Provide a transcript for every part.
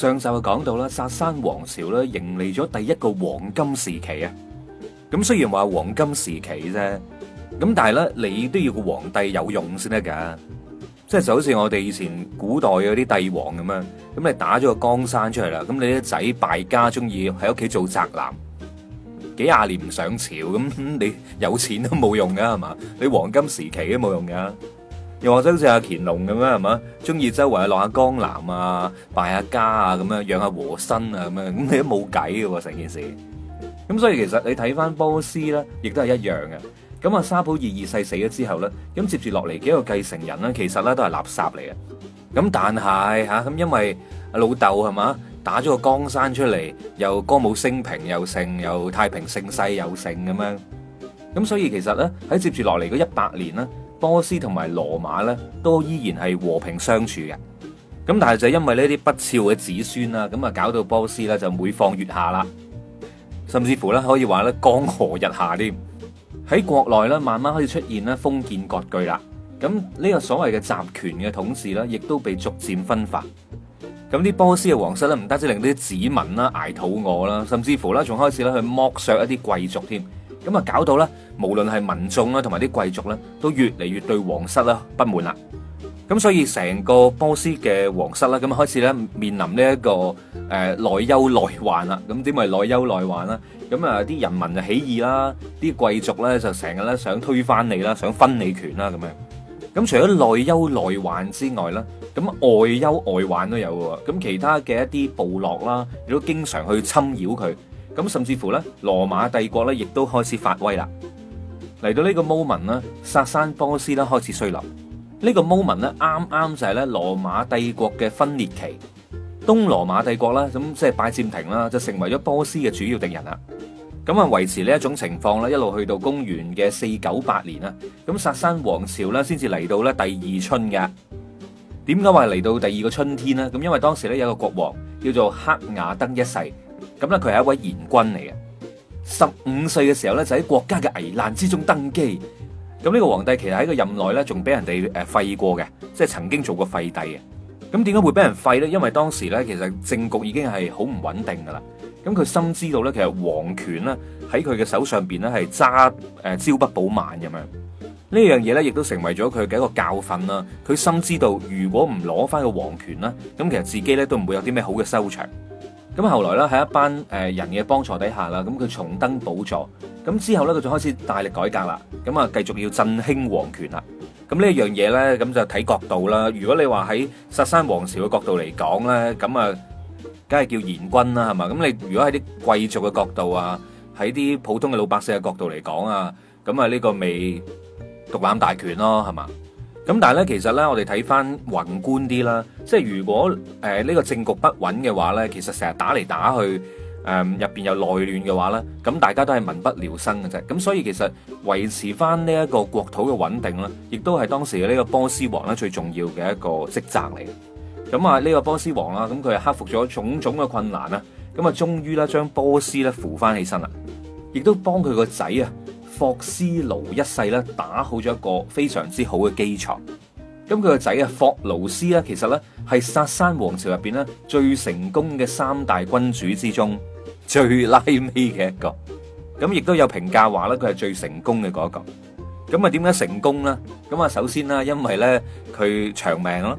上集啊，講到啦，薩珊王朝啦，迎嚟咗第一個黃金時期啊。咁雖然話黃金時期啫，咁但係咧，你都要個皇帝有用先得噶。即係就好似我哋以前古代嗰啲帝王咁樣，咁你打咗個江山出嚟啦，咁你啲仔敗家，中意喺屋企做宅男，幾廿年唔上朝，咁你有錢都冇用噶係嘛？你黃金時期都冇用噶。又或者好似阿乾隆咁樣，係嘛？中意周圍去落下江南啊，拜下家啊，咁樣養下和珅啊，咁樣咁你都冇計嘅喎成件事。咁所以其實你睇翻波斯咧，亦都係一樣嘅。咁阿沙普二,二世死咗之後咧，咁接住落嚟嘅幾個繼承人咧，其實咧都係垃圾嚟嘅。咁但係吓咁，因為阿老豆係嘛打咗個江山出嚟，又歌舞升平，又盛，又太平盛世又盛咁樣。咁所以其實咧喺接住落嚟嗰一百年咧。波斯同埋羅馬咧，都依然係和平相處嘅。咁但係就係因為呢啲不肖嘅子孫啦，咁啊搞到波斯咧就每況愈下啦，甚至乎咧可以話咧江河日下添。喺國內咧慢慢開始出現咧封建割據啦。咁呢個所謂嘅集權嘅統治咧，亦都被逐漸分化。咁啲波斯嘅皇室咧，唔單止令啲子民啦捱肚餓啦，甚至乎咧仲開始咧去剝削一啲貴族添。咁啊，搞到咧，無論係民眾啦，同埋啲貴族咧，都越嚟越對皇室啦不滿啦。咁所以成個波斯嘅皇室咧，咁開始咧面臨呢一個誒內憂內患啦。咁點為內憂內患咧？咁啊，啲人民就起義啦，啲貴族咧就成日咧想推翻你啦，想分你權啦咁樣。咁除咗內憂內患之外咧，咁外憂外患都有喎。咁其他嘅一啲部落啦，亦都經常去侵擾佢。咁甚至乎咧，羅馬帝國咧，亦都開始發威啦。嚟到呢個 moment 呢，薩珊波斯咧開始衰落。呢、這個 moment 呢啱啱就係咧羅馬帝國嘅分裂期。東羅馬帝國啦，咁即係拜占庭啦，就成為咗波斯嘅主要敵人啦。咁啊維持呢一種情況咧，一路去到公元嘅四九八年啦。咁薩珊王朝咧，先至嚟到咧第二春嘅。點解話嚟到第二個春天呢？咁因為當時咧有一個國王叫做克雅登一世。咁咧，佢係一位賢君嚟嘅。十五歲嘅時候咧，就喺國家嘅危難之中登基。咁呢個皇帝其實喺個任內咧，仲俾人哋誒廢過嘅，即係曾經做過廢帝嘅。咁點解會俾人廢咧？因為當時咧，其實政局已經係好唔穩定噶啦。咁佢深知道咧，其實皇權咧喺佢嘅手上邊咧係揸誒朝不保晚咁樣。呢樣嘢咧，亦都成為咗佢嘅一個教訓啦。佢深知道，如果唔攞翻個皇權啦，咁其實自己咧都唔會有啲咩好嘅收場。咁後來咧喺一班誒人嘅幫助底下啦，咁佢重登寶座。咁之後咧，佢就開始大力改革啦。咁啊，繼續要振興皇權啦。咁呢一樣嘢咧，咁就睇角度啦。如果你話喺薩珊王朝嘅角度嚟講咧，咁啊，梗係叫嚴君啦，係嘛？咁你如果喺啲貴族嘅角度啊，喺啲普通嘅老百姓嘅角度嚟講啊，咁啊呢個未獨攬大權咯，係嘛？咁但係咧，其實咧，我哋睇翻宏觀啲啦，即係如果誒呢個政局不穩嘅話咧，其實成日打嚟打去，誒入邊有內亂嘅話咧，咁大家都係民不聊生嘅啫。咁所以其實維持翻呢一個國土嘅穩定咧，亦都係當時嘅呢個波斯王咧最重要嘅一個職責嚟嘅。咁啊呢個波斯王啦，咁佢克服咗種種嘅困難啦，咁啊終於咧將波斯咧扶翻起身啦，亦都幫佢個仔啊。霍斯勞一世咧打好咗一個非常之好嘅基礎，咁佢個仔啊霍勞斯咧，其實咧係薩珊王朝入邊咧最成功嘅三大君主之中最拉尾嘅一個，咁亦都有評價話咧佢係最成功嘅嗰一個，咁啊點解成功咧？咁啊首先啦，因為咧佢長命咯，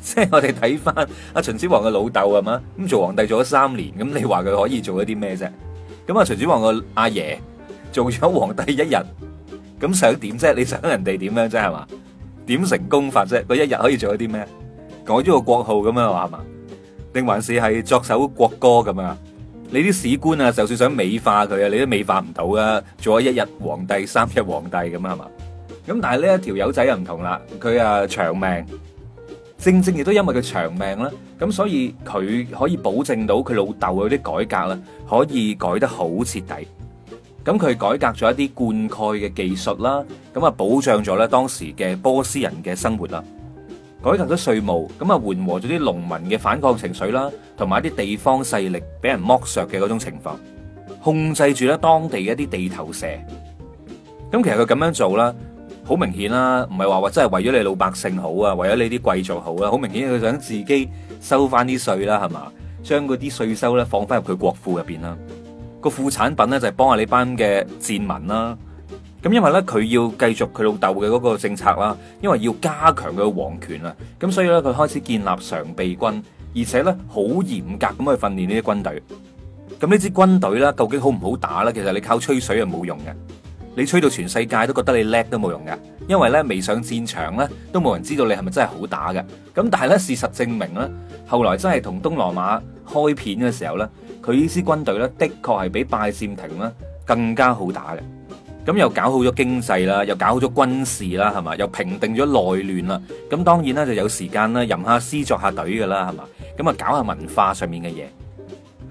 即係我哋睇翻阿秦始皇嘅老豆係嘛，咁做皇帝做咗三年，咁你話佢可以做一啲咩啫？咁啊秦始皇個阿爺。做咗皇帝一日，咁想點啫？你想人哋點樣啫？係嘛？點成功法啫？佢一日可以做一啲咩？改咗個國號咁樣話係嘛？定還是係作首國歌咁啊？你啲史官啊，就算想美化佢啊，你都美化唔到噶。做咗一日皇帝，三日皇帝咁啊？係嘛？咁但係呢一條友仔又唔同啦，佢啊長命，正正亦都因為佢長命啦，咁所以佢可以保證到佢老豆嗰啲改革啦，可以改得好徹底。咁佢改革咗一啲灌溉嘅技術啦，咁啊保障咗咧當時嘅波斯人嘅生活啦。改革咗稅務，咁啊緩和咗啲農民嘅反抗情緒啦，同埋一啲地方勢力俾人剝削嘅嗰種情況，控制住咧當地嘅一啲地頭蛇。咁其實佢咁樣做啦，好明顯啦，唔係話話真係為咗你老百姓好啊，為咗你啲貴族好啊。好明顯佢想自己收翻啲稅啦，係嘛，將嗰啲稅收咧放翻入佢國庫入邊啦。個副產品咧就係幫下你班嘅戰民啦。咁因為咧佢要繼續佢老豆嘅嗰個政策啦，因為要加強佢嘅皇權啊。咁所以咧佢開始建立常備軍，而且咧好嚴格咁去訓練呢啲軍隊。咁呢支軍隊咧究竟好唔好打咧？其實你靠吹水係冇用嘅，你吹到全世界都覺得你叻都冇用嘅，因為咧未上戰場咧都冇人知道你係咪真係好打嘅。咁但係咧事實證明咧，後來真係同東羅馬開片嘅時候咧。佢呢支軍隊咧，的確係比拜占庭咧更加好打嘅。咁又搞好咗經濟啦，又搞好咗軍事啦，係嘛？又平定咗內亂啦。咁當然咧，就有時間咧吟下詩，作下對嘅啦，係嘛？咁啊，搞下文化上面嘅嘢。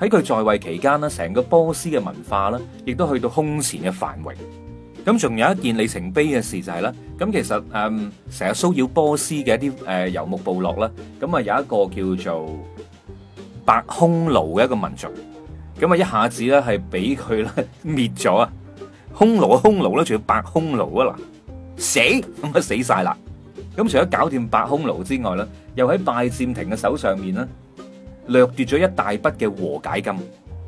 喺佢在位期間咧，成個波斯嘅文化咧，亦都去到空前嘅繁榮。咁仲有一件里程碑嘅事就係咧，咁其實誒成日騷擾波斯嘅一啲誒遊牧部落啦。咁啊有一個叫做白匈奴嘅一個民族，咁啊一下子咧係俾佢咧滅咗啊！匈奴嘅匈奴咧仲要白匈奴啊嗱，死咁啊死晒啦！咁除咗搞掂白匈奴之外咧，又喺拜占庭嘅手上面咧掠奪咗一大筆嘅和解金，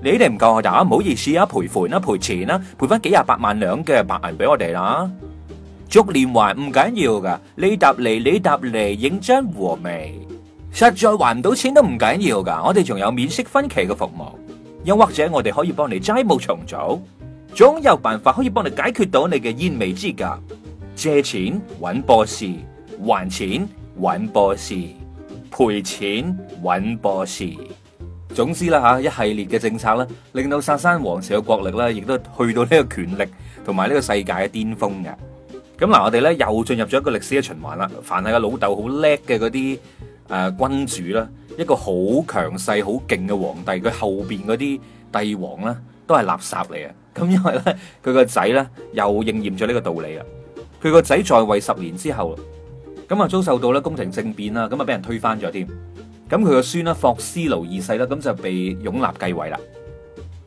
你哋唔夠啊，大家唔好意思啊，賠款啦，賠錢啦，賠翻幾廿八萬兩嘅白銀俾我哋啦，逐年還唔緊要噶，你答嚟，你答嚟，影張和未？實在還唔到錢都唔緊要噶，我哋仲有免息分期嘅服務，又或者我哋可以幫你債務重組，總有辦法可以幫你解決到你嘅燃眉之急。借錢搵博士，還錢搵博士，賠錢搵博士。總之啦，吓一系列嘅政策啦，令到薩珊皇朝嘅國力啦，亦都去到呢個權力同埋呢個世界嘅巔峰嘅。咁嗱，我哋咧又進入咗一個歷史嘅循環啦。凡係個老豆好叻嘅嗰啲。誒，君主啦，一個好強勢、好勁嘅皇帝，佢後邊嗰啲帝王啦，都係垃圾嚟嘅。咁因為咧，佢個仔咧又應驗咗呢個道理啊！佢個仔在位十年之後，咁啊遭受到咧宮廷政變啦，咁啊俾人推翻咗添。咁佢個孫呢，霍思勞二世啦，咁就被擁立繼位啦。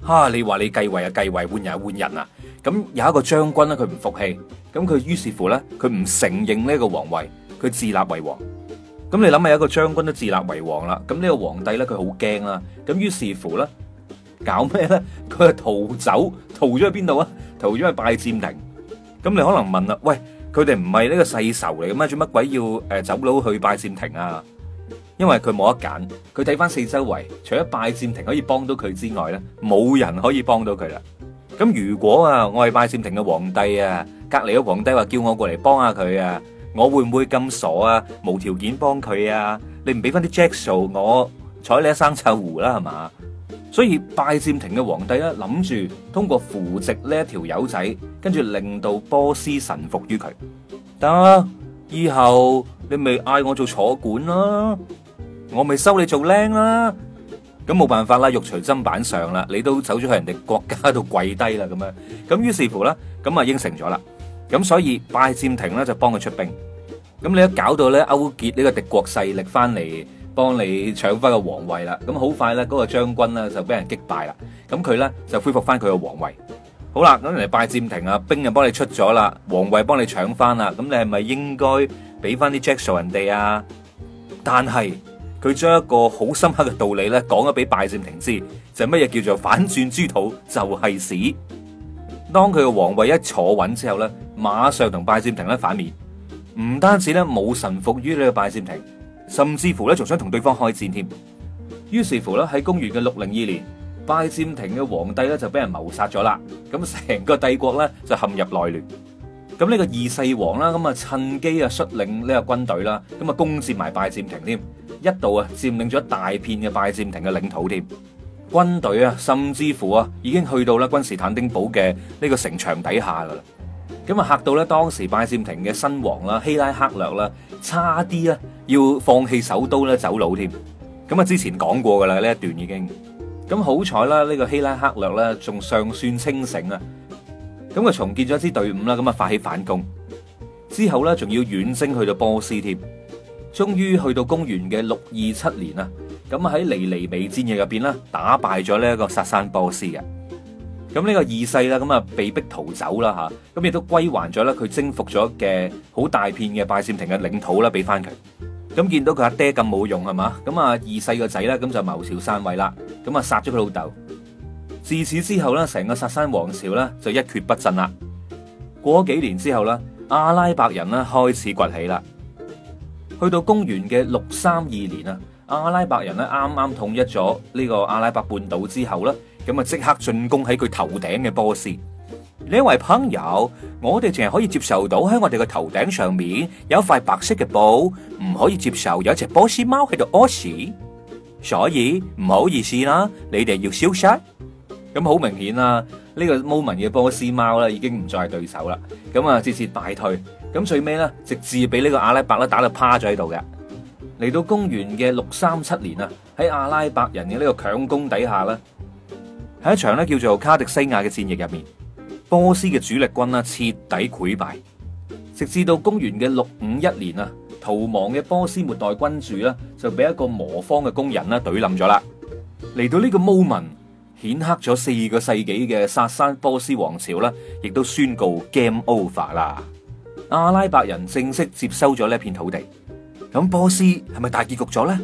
吓、啊，你話你繼位啊，繼位換人呀，換人啊！咁、啊、有一個將軍咧，佢唔服氣，咁佢於是乎咧，佢唔承認呢個皇位，佢自立為王。咁你諗下，一個將軍都自立為王啦。咁呢個皇帝咧，佢好驚啊。咁於是乎咧，搞咩咧？佢係逃走，逃咗去邊度啊？逃咗去拜占庭。咁你可能問啦，喂，佢哋唔係呢個世仇嚟嘅咩？做乜鬼要誒、呃、走佬去拜占庭啊？因為佢冇得揀，佢睇翻四周圍，除咗拜占庭可以幫到佢之外咧，冇人可以幫到佢啦。咁如果啊，我係拜占庭嘅皇帝啊，隔籬嘅皇帝話叫我過嚟幫下佢啊。我會唔會咁傻啊？無條件幫佢啊？你唔俾翻啲 jack s 我睬你一生臭狐啦，係嘛？所以拜占庭嘅皇帝咧，諗住通過扶植呢一條友仔，跟住令到波斯臣服於佢。得以後你咪嗌我做坐管啦，我咪收你做僆啦。咁冇辦法啦，玉除砧板上啦，你都走咗去人哋國家度跪低啦，咁樣咁於是乎啦，咁啊應承咗啦。咁所以拜占庭咧就幫佢出兵，咁你一搞到咧勾結呢個敵國勢力翻嚟幫你搶翻個皇位啦，咁好快咧嗰個將軍咧就俾人擊敗啦，咁佢咧就恢復翻佢個皇位。好啦，咁人哋拜占庭啊兵就幫你出咗啦，皇位幫你搶翻啦，咁你係咪應該俾翻啲著數人哋啊？但係佢將一個好深刻嘅道理咧講咗俾拜占庭知，就係乜嘢叫做反轉豬肚就係屎。當佢嘅皇位一坐穩之後咧，馬上同拜占庭咧反面，唔單止咧冇臣服於呢個拜占庭，甚至乎咧仲想同對方開戰添。於是乎咧喺公元嘅六零二年，拜占庭嘅皇帝咧就俾人謀殺咗啦。咁成個帝國咧就陷入內亂。咁呢個二世王啦，咁啊趁機啊率領呢個軍隊啦，咁啊攻佔埋拜占庭添，一度啊佔領咗大片嘅拜占庭嘅領土添。軍隊啊，甚至乎啊，已經去到啦君士坦丁堡嘅呢個城牆底下噶啦，咁啊嚇到咧當時拜占庭嘅新王啦、啊、希拉克略啦、啊，差啲咧、啊、要放棄首都咧走佬添，咁啊之前講過噶啦呢一段已經，咁好彩啦呢個希拉克略咧仲尚算清醒啊，咁啊重建咗支隊伍啦、啊，咁啊發起反攻，之後咧仲要遠征去到波斯添，終於去到公元嘅六二七年啊。.咁喺離離美戰嘅入邊啦，打敗咗呢一個薩珊波斯嘅，咁呢個二世啦，咁啊被逼逃走啦吓，咁亦都歸還咗啦佢征服咗嘅好大片嘅拜占庭嘅領土啦，俾翻佢。咁見到佢阿爹咁冇用係嘛，咁啊二世個仔啦，咁就謀朝篡位啦，咁啊殺咗佢老豆。自此之後咧，成個薩珊王朝咧就一蹶不振啦。過咗幾年之後啦，阿拉伯人呢開始崛起啦，去到公元嘅六三二年啊。阿拉伯人咧，啱啱統一咗呢個阿拉伯半島之後咧，咁啊即刻進攻喺佢頭頂嘅波斯。呢位朋友，我哋淨係可以接受到喺我哋嘅頭頂上面有一塊白色嘅布，唔可以接受有一隻波斯貓喺度屙屎。所以唔好意思啦，你哋要消失。咁好明顯啦，呢個 moment 嘅波斯貓啦，已經唔再係對手啦。咁啊，直接敗退，咁最尾咧，直至俾呢個阿拉伯咧打到趴咗喺度嘅。嚟到公元嘅六三七年啊，喺阿拉伯人嘅呢個強攻底下咧，喺一場咧叫做卡迪西亞嘅戰役入面，波斯嘅主力軍啦徹底潰敗，直至到公元嘅六五一年啊，逃亡嘅波斯末代君主咧，就俾一個磨坊嘅工人咧懟冧咗啦，嚟到呢個 moment 顯赫咗四個世紀嘅薩珊波斯王朝咧，亦都宣告 game over 啦，阿拉伯人正式接收咗呢一片土地。咁波斯係咪大結局咗咧？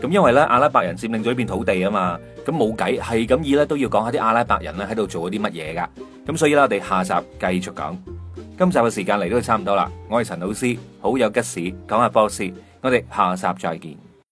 咁因為咧阿拉伯人佔領咗呢片土地啊嘛，咁冇計，係咁意咧都要講下啲阿拉伯人咧喺度做咗啲乜嘢噶。咁所以咧我哋下集繼續講，今集嘅時間嚟到就差唔多啦。我係陳老師，好有吉事講下波斯，我哋下集再見。